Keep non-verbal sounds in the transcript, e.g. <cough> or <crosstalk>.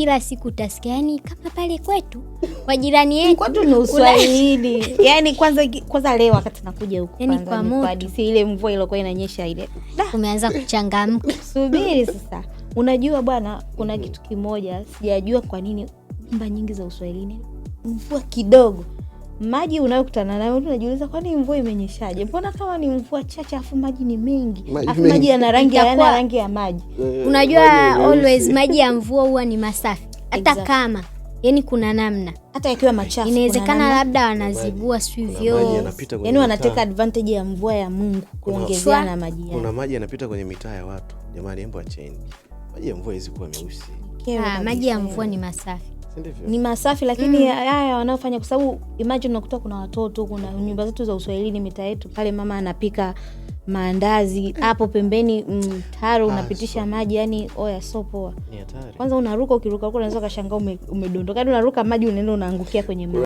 kila siku utasikia, yani kama pale kwetu kwa jirani yetu kwetu ni Uswahili <laughs> yani kwanza kwanza leo wakati nakuja huku yani kwa si ile mvua iliyokuwa inanyesha ile umeanza kuchangamka. <laughs> Subiri sasa, unajua bwana, kuna kitu kimoja sijajua kwa nini nyumba nyingi za Uswahilini mvua kidogo maji unayokutana nayo unajiuliza, kwani mvua imenyeshaje? Mbona kama ni mvua chache, afu maji ni mengi, afu maji yana rangi yana rangi ya maji. Eh, eh, Unajua always maji ya mvua huwa ni masafi hata exactly. kama yani kuna namna hata yakiwa machafu inawezekana labda wanazibua sivyo, yani wanateka advantage ya mvua ya Mungu kuongezea na maji yao. Kuna maji yanapita kwenye mitaa ya watu, jamani, hebu acheni maji ya mvua hizi kuwa meusi. Ah, maji ya mvua ni masafi ni masafi, lakini mm. wanaofanya, kwa sababu imagine unakuta kuna watoto, kuna nyumba zetu za Uswahilini, mitaa yetu pale, mama anapika maandazi <laughs> hapo pembeni mtaro mm, ah, unapitisha maji, yani oya, so poa. Kwanza unaruka, ukiruka unaweza ukashangaa umedondoka, unaruka maji unaenda unaangukia kwenye maji.